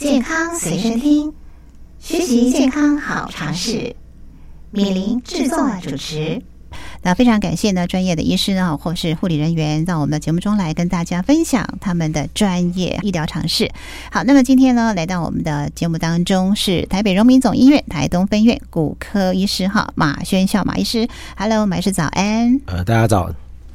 健康隨身聽，學習健康好常識。米林製作主持，那非常感謝呢專業的醫師呢或是護理人員，到我們的節目中來跟大家分享他們的專業醫療常識。好，那麼今天呢來到我們的節目當中是台北榮民總醫院台東分院骨科醫師哈馬瑄孝馬醫師，Hello，馬醫師早安。呃，大家早。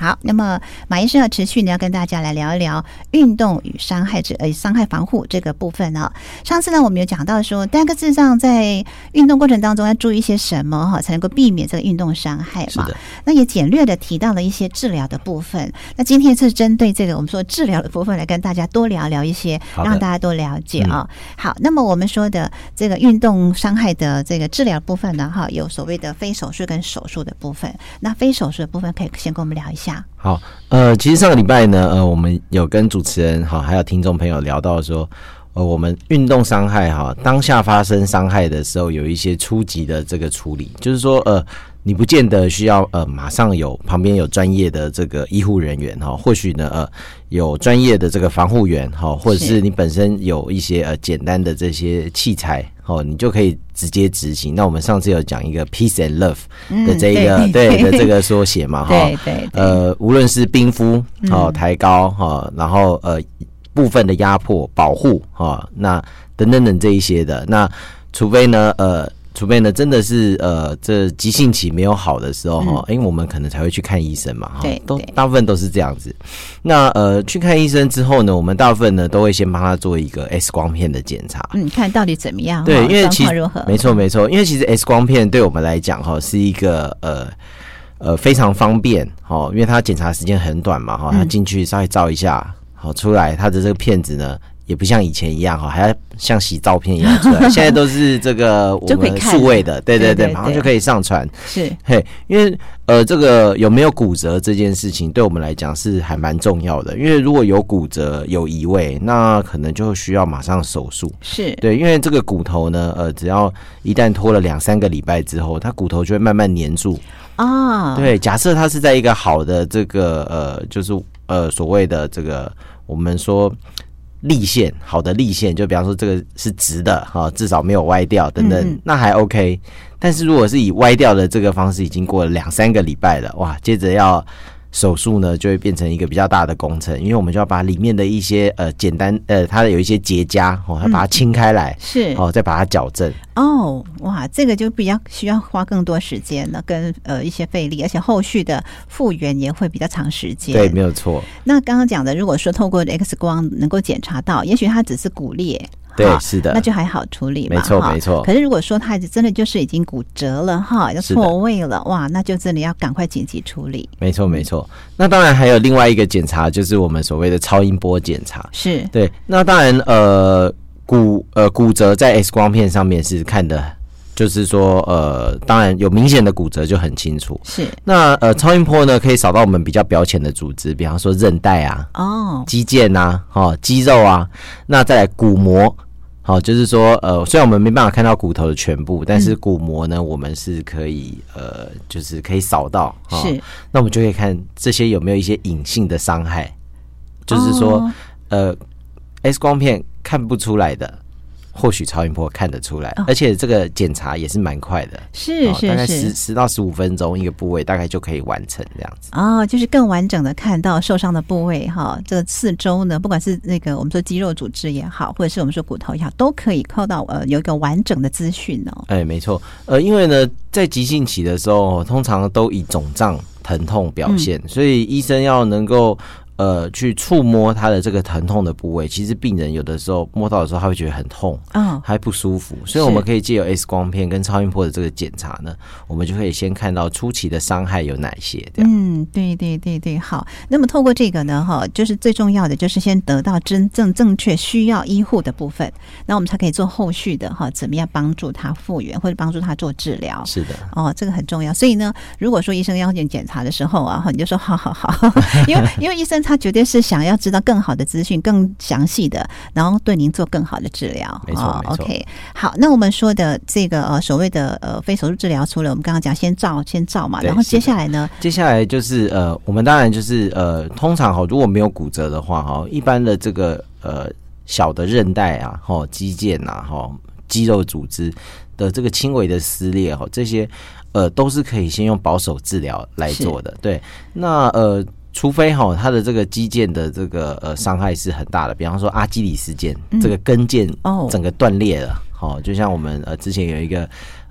好，那麼馬醫生要、啊、持續呢，要跟大家來聊一聊運動與傷害這呃傷害防護這個部分呢、哦。上次呢，我們有講到說，單個字上在運動過程當中要注意一些什麼哈、哦，才能夠避免這個運動傷害嘛。是的那也簡略的提到了一些治療的部分。那今天是針對這個我們說治療的部分來跟大家多聊聊一些，的讓大家多了解啊、哦。嗯、好，那麼我們說的這個運動傷害的這個治療部分呢，哈，有所謂的非手術跟手術的部分。那非手術的部分可以先跟我們聊一下。好，呃，其實上個禮拜呢，呃，我們有跟主持人好還有聽眾朋友聊到說，呃，我們運動傷害哈，當下發生傷害的時候，有一些初級的這個處理，就是說，呃。你不見得需要呃馬上有旁邊有專業的這個醫護人員哈，或許呢呃有專業的這個防護員哈，或者是你本身有一些呃簡單的這些器材哦、呃，你就可以直接執行。那我們上次有講一個 peace and love 的這個對的這個縮寫嘛哈，呃對對對無論是冰敷哦、呃、抬高哈，然後呃部分的壓迫保護哈、呃、那等等等這一些的那除非呢呃。除非呢，真的是呃，這急性期沒有好的時候哈，因為、嗯欸、我們可能才會去看醫生嘛，對，都大部分都是這樣子。那呃，去看醫生之後呢，我們大部分呢都會先幫他做一個 X 光片的檢查，嗯，看到底怎麼樣？對，因為其實沒錯沒錯，因為其實 X 光片對我們來講哈是一個呃呃非常方便哦，因為他檢查時間很短嘛哈，嗯、他進去稍微照一下，好出來他的這個片子呢。也不像以前一樣哈，還要像洗照片一樣出來， 現在都是這個我們數位的，對對對，對對對馬上就可以上傳。是，嘿，因為呃，這個有沒有骨折這件事情，對我們來講是還蠻重要的，因為如果有骨折有移位，那可能就需要馬上手術。是，對，因為這個骨頭呢，呃，只要一旦拖了兩三個禮拜之後，它骨頭就會慢慢黏住啊。哦、對，假設它是在一個好的這個呃，就是呃，所謂的這個我們說。力線好的力線，就比方說這個是直的哈，至少沒有歪掉等等，嗯、那還 OK。但是如果是以歪掉的這個方式，已經過了兩三個禮拜了，哇，接着要。手術呢，就會變成一個比較大的工程，因為我們就要把裡面的一些呃簡單呃，它有一些結痂哦，要把它清開來，嗯、是哦，再把它矯正。哦，哇，這個就比較需要花更多時間了，跟呃一些費力，而且後續的復原也會比較長時間。對，沒有錯。那剛剛講的，如果說透過 X 光能夠檢查到，也許它只是骨裂。對，好是的，那就還好處理，沒錯沒錯。哦、沒錯，可是如果說他真的就是已經骨折了哈，要、哦、錯位了的哇，那就真的要趕快緊急處理。沒錯沒錯。那當然還有另外一個檢查，就是我們所謂的超音波檢查，是對。那當然呃骨呃骨折在 X 光片上面是看的，就是說呃當然有明顯的骨折就很清楚。是。那呃超音波呢，可以掃到我們比較表淺的組織，比方說韌帶啊、哦、肌腱啊、哦肌肉啊，那再來骨膜。好，就是說，呃，雖然我們沒辦法看到骨頭的全部，但是骨膜呢，我們是可以，呃，就是可以掃到，哦、是，那我們就可以看這些有沒有一些隱性的傷害，哦、就是說，呃，X 光片看不出來的。或許超音波看得出來，哦、而且這個檢查也是蠻快的，是，哦、10, 是是大概十十到十五分鐘一個部位，大概就可以完成這樣子。啊、哦，就是更完整的看到受傷的部位哈、哦，這個四周呢，不管是那個我們說肌肉組織也好，或者是我們說骨頭也好，都可以靠到呃有一個完整的資訊哦。哎，沒錯，呃，因為呢，在急性期的時候，通常都以腫脹、疼痛表現，嗯、所以醫生要能夠。呃，去觸摸他的這個疼痛的部位，其實病人有的時候摸到的時候，他會覺得很痛，啊、哦，還不舒服。所以我們可以借由 X 光片跟超音波的這個檢查呢，是我們就可以先看到初期的傷害有哪些。嗯，對對對對，好。那麼透過這個呢，哈、哦，就是最重要的就是先得到真正正確需要醫護的部分，那我們才可以做後續的哈、哦，怎麼樣幫助他復原或者幫助他做治療。是的，哦，這個很重要。所以呢，如果說醫生要去檢查的時候啊，哈，你就說好好好，因為因為醫生。 他絕對是想要知道更好的資訊，更詳細的，然後對您做更好的治療。沒錯，OK，好，那我們說的這個呃所謂的呃非手術治療，除了我們剛剛講先照、先照嘛，對然後接下來呢？接下來就是呃，我們當然就是呃，通常哈，如果沒有骨折的話哈，一般的這個呃小的韌帶啊，哈、哦，肌腱吶、啊，哈、哦，肌肉組織的這個輕微的撕裂哈，這些呃都是可以先用保守治療來做的。是對，那呃。除非哈、哦，他的這個肌腱的這個呃傷害是很大的，比方說阿基里斯腱、嗯、這個跟腱哦，整個斷裂了，好、嗯哦哦，就像我們呃之前有一個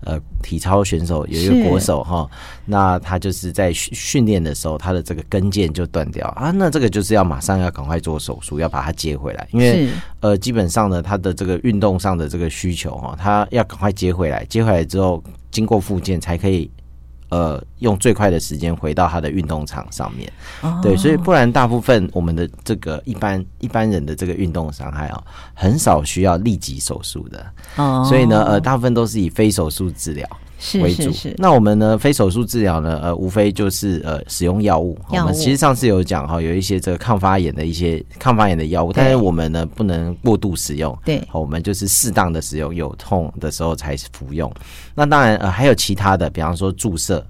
呃體操選手，有一個國手哈是、哦，那他就是在訓訓練的時候，他的這個跟腱就斷掉啊，那這個就是要馬上要趕快做手術，要把它接回來，因為是呃基本上呢，他的這個運動上的這個需求哈、哦，他要趕快接回來，接回來之後經過復健才可以，呃，用最快的時間回到他的運動場上面，oh. 對，所以不然大部分我們的這個一般一般人的這個運動傷害啊、喔，很少需要立即手術的，oh. 所以呢，呃，大部分都是以非手術治療。為主。是是是，那我們呢？非手術治療呢？呃，無非就是呃，使用藥物。藥物我們其實上次有講哈、喔，有一些這個抗發炎的一些抗發炎的藥物，對但是我們呢不能過度使用。對、喔，我們就是適當的使用，有痛的時候才服用。對那當然呃，還有其他的，比方說注射、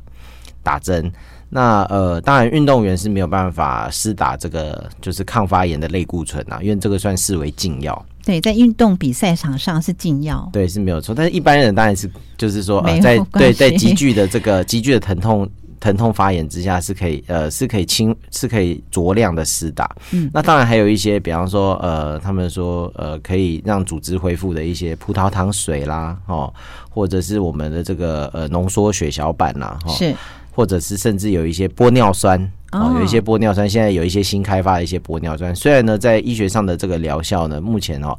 打針。那呃，當然運動員是沒有辦法施打這個就是抗發炎的類固醇啊，因為這個算視為禁藥。對，在運動比賽場上是禁藥，對，是沒有錯。但是一般人當然是，就是說，呃，在對在急劇的這個急劇的疼痛疼痛發炎之下是可以，呃，是可以呃是可以輕是可以酌量的施打。嗯，那當然還有一些，比方說，呃，他們說，呃，可以讓組織恢復的一些葡萄糖水啦，哦，或者是我們的這個呃濃縮血小板吶，哦、是，或者是甚至有一些玻尿酸。哦，有一些玻尿酸，現在有一些新開發的一些玻尿酸，雖然呢，在醫學上的這個療效呢，目前哦，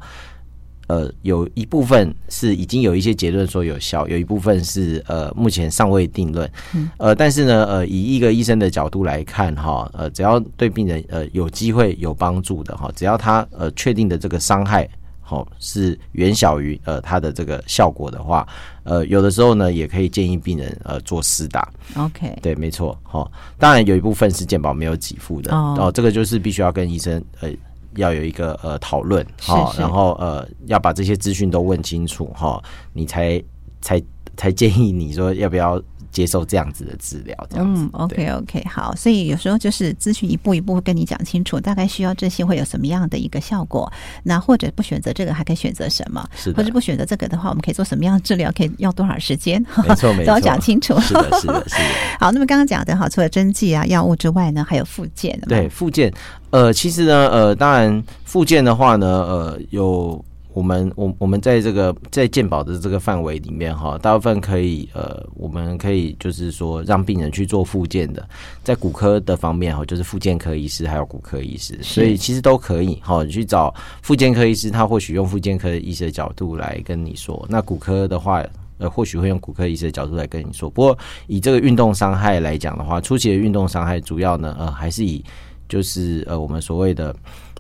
呃，有一部分是已經有一些結論說有效，有一部分是呃，目前尚未定論。呃，但是呢，呃，以一個醫生的角度來看哈，呃，只要對病人呃有機會有幫助的哈，只要他呃確定的這個傷害。好、哦、是遠小於呃它的這個效果的話，呃有的時候呢也可以建議病人呃做施打，OK 對，沒錯，好、哦，當然有一部分是健保沒有給付的，oh. 哦，這個就是必須要跟醫生呃要有一個呃討論，好，哦、是是然後呃要把這些資訊都問清楚哈、哦，你才才才建議你說要不要，接受這樣子的治療，嗯，OK OK，好，所以有時候就是諮詢一步一步跟你講清楚，大概需要這些，會有什麼樣的一個效果，那或者不選擇這個，還可以選擇什麼？是的，或者不選擇這個的話，我們可以做什麼樣的治療？可以要多少時間？沒錯，沒錯，都要講清楚。是的，是的，是的。好，那麼剛剛講的，好，除了針劑啊、藥物之外呢，還有復健。對，復健，呃，其實呢，呃，當然復健的話呢，呃，有。我們我我們在這個在健保的這個範圍裡面哈，大部分可以呃，我們可以就是說讓病人去做復健的，在骨科的方面哈，就是復健科醫師還有骨科醫師，所以其實都可以哈，你去找復健科醫師，他或許用復健科醫師的角度來跟你說；那骨科的話，呃，或許會用骨科醫師的角度來跟你說。不過以這個運動傷害來講的話，初期的運動傷害主要呢呃，還是以就是呃我們所謂的。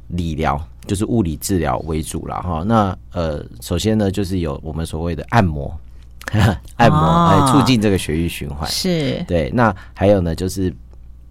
理療就是物理治療為主了哈，那呃，首先呢，就是有我們所謂的按摩，按摩來、哦、促進這個血液循環，是對。那還有呢，就是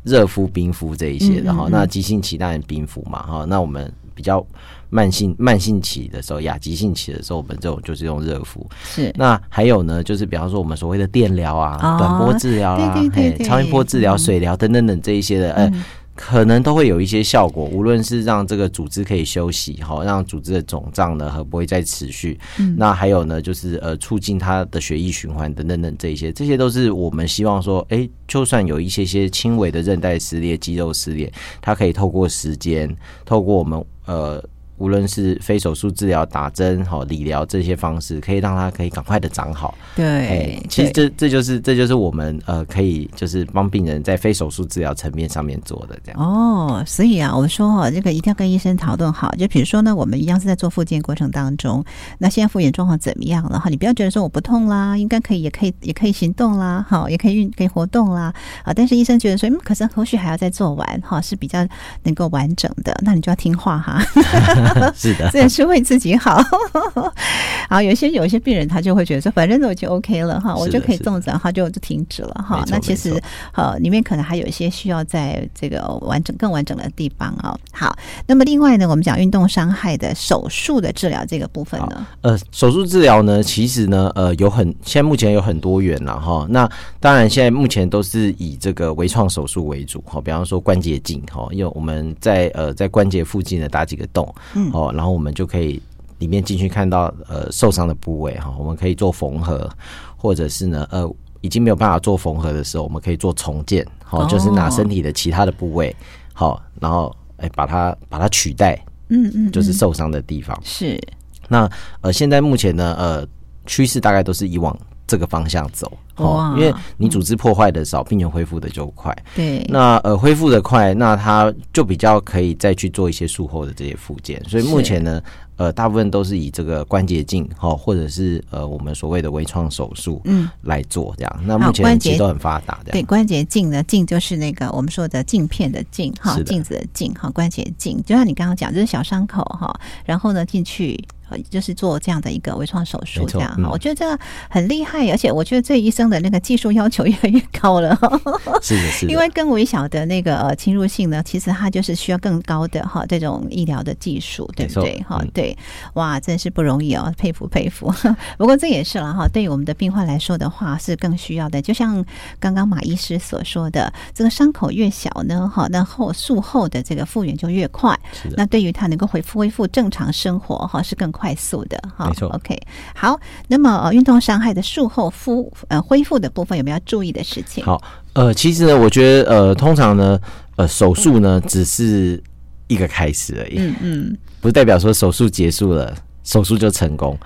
熱敷、冰敷這一些的，然後、嗯嗯嗯、那急性期當然冰敷嘛哈，那我們比較慢性、慢性期的時候，亞急性期的時候，我們這種就是用熱敷。是那還有呢，就是比方說我們所謂的電療啊，哦、短波治療啊、對對對對長超音波治療、嗯、水療等等等等這一些的，呃嗯可能都會有一些效果，無論是讓這個組織可以休息，好、哦、讓組織的腫脹呢和不會再持續。嗯、那還有呢，就是呃，促進它的血液循環等等等這些，這些都是我們希望說，哎，就算有一些些輕微的韌帶撕裂、肌肉撕裂，它可以透過時間，透過我們呃。無論是非手術治療、打針、好、哦、理療這些方式，可以讓他可以趕快的長好。對、欸，其實這對這就是這就是我們呃，可以就是幫病人在非手術治療層面上面做的這樣。哦，所以啊，我們說哦，這個一定要跟醫生討論好。就比如說呢，我們一樣是在做復健過程當中，那現在復原狀況怎麼樣了？哈，你不要覺得說我不痛啦，應該可以，也可以，也可以行動啦，哈、哦，也可以運可以活動啦啊、哦。但是醫生覺得說，嗯，可是後續還要再做完哈、哦，是比較能夠完整的，那你就要聽話哈。 是的，這也 是為自己好。 好，有些有些病人他就會覺得說，反正我已經 OK 了哈，的我就可以這樣，他就就停止了哈。那其實呃，裡面可能還有一些需要在這個完整更完整的地方哦。好，那麼另外呢，我們講運動傷害的手術的治療這個部分呢，呃，手術治療呢，其實呢，呃，有很現在目前有很多元了哈。那當然現在目前都是以這個微創手術為主哈，比方說關節鏡哈，因為我們在呃在關節附近呢打幾個洞。哦，然後我們就可以裡面進去看到呃受傷的部位哈，哦，我們可以做縫合，或者是呢呃已經沒有辦法做縫合的時候，我們可以做重建，好，哦哦，就是拿身體的其他的部位，好，哦，然後哎，呃、把它把它取代，嗯，嗯嗯，就是受傷的地方是那呃現在目前呢呃趨勢大概都是以往。這個方向走，哦、哇因為你組織破壞的少，並且恢復的就快。對，那呃，恢復的快，那它就比較可以再去做一些術後的這些復健。所以目前呢，是呃，大部分都是以這個關節鏡哈，或者是呃我們所謂的微創手術嗯來做這樣。嗯、那目前其實都很發達的。關節樣對，關節鏡呢鏡就是那個我們說的鏡片的鏡哈，鏡的子的鏡哈，關節鏡。就像你剛剛講，就是小傷口哈，然後呢進去。就是做這樣的一個微創手術，這樣哈，嗯、我覺得這個很厲害，而且我覺得這醫生的那個技術要求越來越高了。 是的，是的，因為更微小的那個侵入性呢，其實它就是需要更高的哈這種醫療的技術，對不對？哈，嗯、對，哇，真是不容易哦、喔，佩服佩服。 不過這也是了哈，對於我們的病患來說的話，是更需要的。就像剛剛馬醫師所說的，這個傷口越小呢，哈，那後術後的這個復原就越快。是的，那對於他能夠恢復恢復正常生活，哈，是更快的。快速的哈，哦、沒錯，OK，好。那麼呃、運動傷害的術後復呃恢復的部分有沒有要注意的事情？好，呃，其實呢，我覺得呃，通常呢，呃，手術呢只是一個開始而已，嗯嗯，不代表說手術結束了，手術就成功。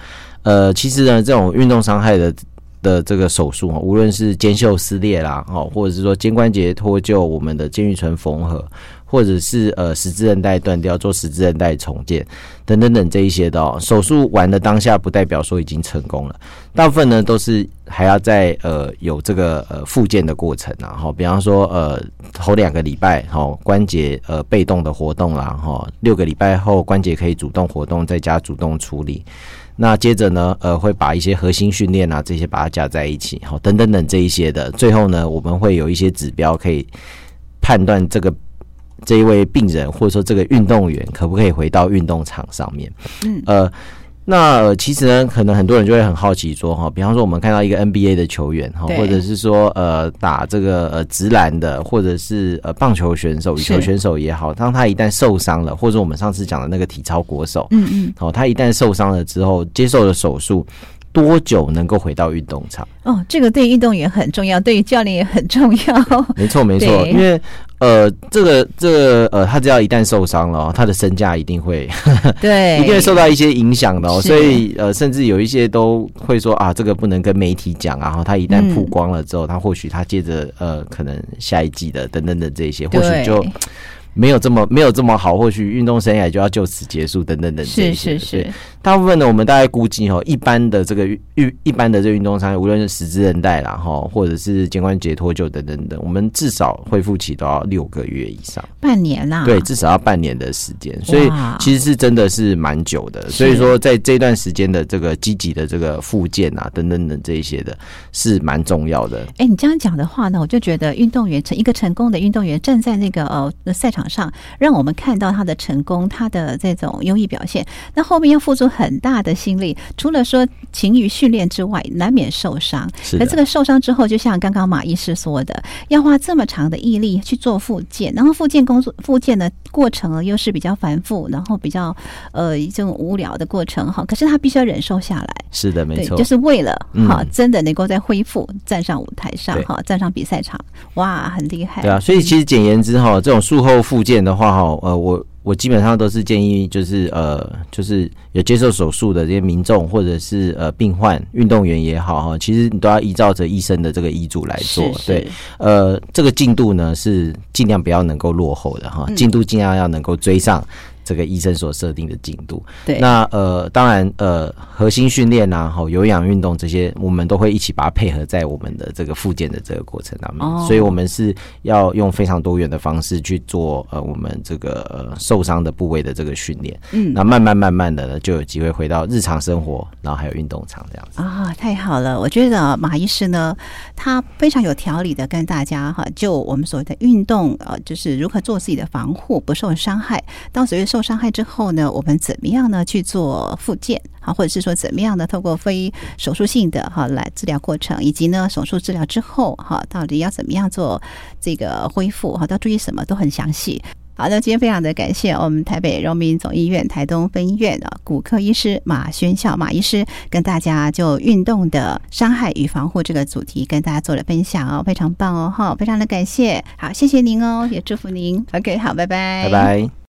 呃，其實呢，這種運動傷害的。的這個手術啊，無論是肩袖撕裂啦，哦，或者是說肩關節脫臼，我們的肩盂唇縫合，或者是呃，十字韌帶斷掉做十字韌帶重建，等等等這一些的手術完了當下，不代表說已經成功了。大部分呢都是還要在呃有這個呃復健的過程啦。哈、呃，比方說呃頭兩個禮拜，哈、呃，關節呃被動的活動啦，哈、呃，六個禮拜後關節可以主動活動，在家主動處理。那接着呢，呃，會把一些核心訓練啊這些把它加在一起，好、哦，等等等這一些的，最後呢，我們會有一些指標可以判斷這個這一位病人或者說這個運動員可不可以回到運動場上面，嗯，呃。那其實呢，可能很多人就會很好奇說哈，比方說我們看到一個 NBA 的球員哈，對或者是說呃打這個職籃的，或者是呃棒球選手、羽球選手也好，是當他一旦受傷了，或者是我們上次講的那個體操國手，嗯嗯，哦，他一旦受傷了之後，接受了手術，多久能夠回到運動場？哦，這個對運動員很重要，對於教練也很重要。沒錯，沒錯，對因為。呃，這個，這個呃，他只要一旦受傷了、哦，他的身價一定會，對，一定會受到一些影響的、哦。是所以，呃，甚至有一些都會說啊，這個不能跟媒體講啊。然後他一旦曝光了之後，嗯、他或許他接着呃，可能下一季的等等等這些，對或許就。沒有這麼沒有這麼好，或許運動生涯就要就此結束，等等等等。是是是，大部分的我們大概估計哦、這個，一般的這個運一般的這個運動傷害，無論是十字韌帶啦哈，或者是肩關節脫臼等等等，我們至少恢復期都要六個月以上，半年啦，對，至少要半年的時間，所以其實是真的是蠻久的。哇所以說，在這段時間的這個積極的這個復健啊，等等等這一些的，是蠻重要的。哎，你這樣講的話呢，我就覺得運動員成一個成功的運動員站在那個呃那賽場。場上讓我們看到他的成功，他的這種優異表現。那後面要付出很大的心力，除了說勤於訓練之外，難免受傷。而這個受傷之後，就像剛剛馬醫師說的，要花這麼長的毅力去做復健，然後復健工作、復健的過程又是比較繁複，然後比較呃一種無聊的過程哈。可是他必須要忍受下來。是的，沒錯，就是為了哈、嗯，真的能夠再恢復，站上舞台上哈，對站上比賽場，哇，很厲害。對啊，所以其實簡言之哈，這種術後復健的話哈，呃，我我基本上都是建議，就是呃，就是有接受手術的這些民眾或者是呃病患、運動員也好哈，其實你都要依照着醫生的這個醫囑來做。是是對，呃，這個進度呢是盡量不要能夠落後的哈，進度盡量要能夠追上。嗯這個醫生所設定的進度，對，那呃，當然呃，核心訓練啊吼、哦，有氧運動這些，我們都會一起把它配合在我們的這個復健的這個過程當中，哦、所以，我們是要用非常多元的方式去做呃，我們這個呃受傷的部位的這個訓練，嗯，那慢慢慢慢的呢，就有機會回到日常生活，然後還有運動場這樣子啊、哦，太好了，我覺得馬醫師呢，他非常有條理的跟大家哈、啊，就我們所謂的運動，呃、啊，就是如何做自己的防護，不受傷害，到所謂。受傷害之後呢，我們怎麼樣呢去做復健啊？或者是說怎麼樣呢？透過非手術性的哈來治療過程，以及呢手術治療之後哈，到底要怎麼樣做這個恢復哈？要注意什麼都很詳細。好，那今天非常的感謝我們台北榮民總醫院台東分院的骨科醫師馬瑄孝馬醫師，跟大家就運動的傷害與防護這個主題跟大家做了分享哦，非常棒哦哈，非常的感謝，好謝謝您哦，也祝福您。OK，好，拜拜，拜拜。